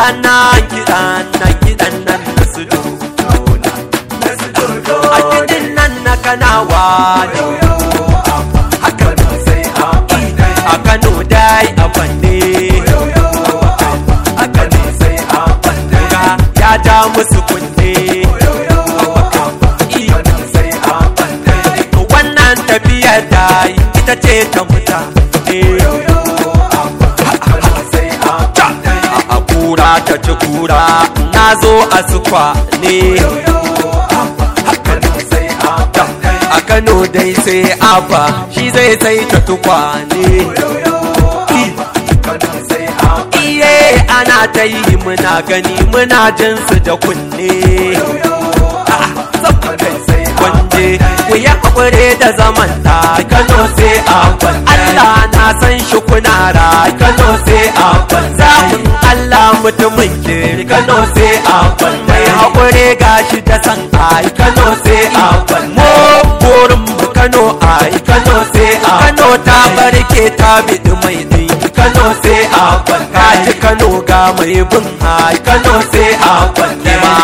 kiɗana gidana kiɗan nan na su dodona a cikin nan na kanawa da kano sai a kano dai a wanne ya ja musu kunne wannan tafiyar da ita ce ta mutane kura ta ci kura na zo a sukwa ne a kano dai sai abba shi zai sai ta tukwane iye ana ta yi muna gani muna jinsu da kunne ya kware da zaman ta Kano sai a Allah na san shi kuna ra Kano sai a Zafin Allah mutumin kiri Kano sai a Mai haƙure gashi da san ai Kano sai a Mu burin mu Kano ai Kano sai a Kano ta barke ta bidi mai dinki Kano sai a Kaji Kano ga mai bin ai Kano sai a Kima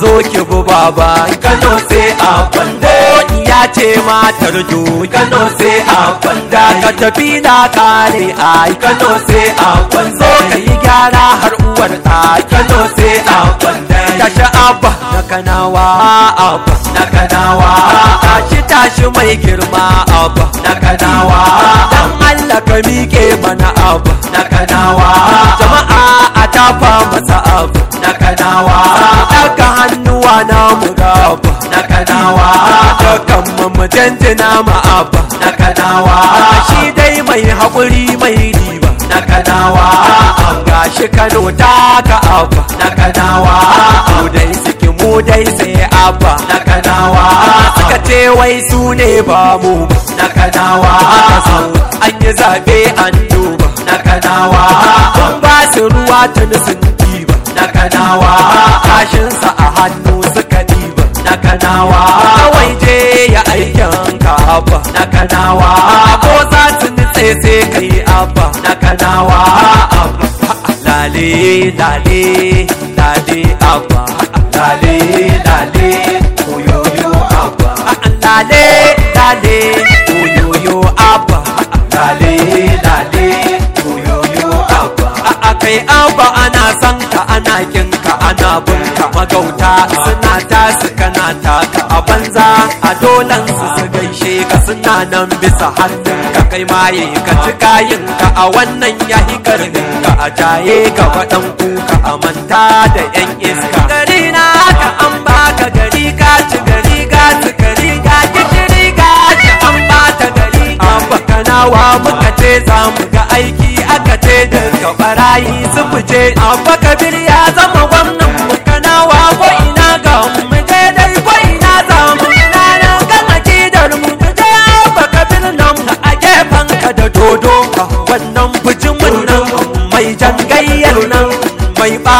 zo ki bu baba Kano sai a ya ce matar ju kano sai a kwanda ka tafi na kare ai kano sai a kwanda so ka yi gyara har uwar ta kano sai a kwanda tashi abba na kanawa abba na kanawa tashi tashi mai girma abba na kanawa dan Allah ka miƙe mana abba na kanawa jama'a a tafa masa abba na kanawa daga hannuwa na mu ga abba na kanawa canjina ma'abba na kanawa shi dai mai haƙuri mai riba na kanawa gashi kano ta ka abba na kanawa mu dai suke mu dai sai abba na kanawa suka ce wai su ne ba mu ba na kanawa an yi zaɓe an duba na kanawa an ba su ruwa tuni sun diba na kanawa kashinsa a hannu suka diba na kanawa abba na kanawa ko za su nutse sai kai abba na kanawa abba lale lale lale abba lale lale oyoyo abba lale lale oyoyo abba lale lale oyoyo abba kai abba ana san ka ana kinka ana bunka magauta suna tasu kana taka banza a dolan su su gaishe ka suna nan bisa hannun ka kai maye ka ci kayin ka a wannan ya karnin ka a jaye ka faɗan kuka a manta da yan iska gari na ka an baka gari ka ci gari ga ci gari ga shiri ga ci an bata gari an baka nawa muka ce za mu ga aiki aka ce da ka barayi su fice an baka birya zama gwamna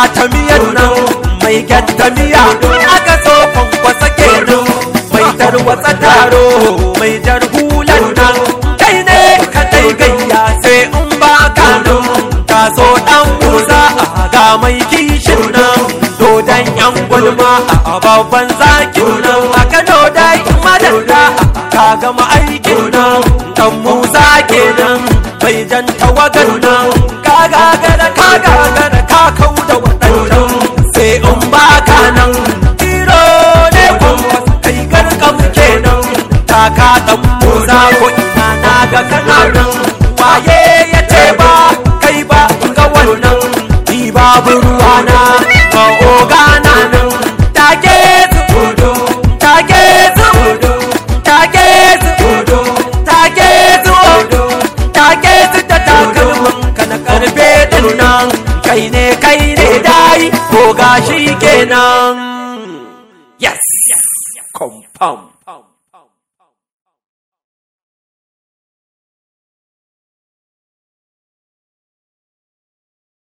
ta miyan nan mai gyatta miya aka tsofan sake kenan mai tarwatsa taro mai jar hulan nan kai ne ka dai gayya sai in ba ka na ka so dan a ga mai kishin nan dodon yan gulma a babban zakin nan a kano dai madalla ka gama aikin nan dan musa kenan mai jan tawagan nan ka gagara ko za ko ina na ga kananan waye ya ce ba kai ba ga wannan ni babu na ba oga na nan take su hudu take su hudu take su hudu take su hudu take su ta takalman ka na karfe nan kai ne kai ne dai ko gashi kenan yes. compound.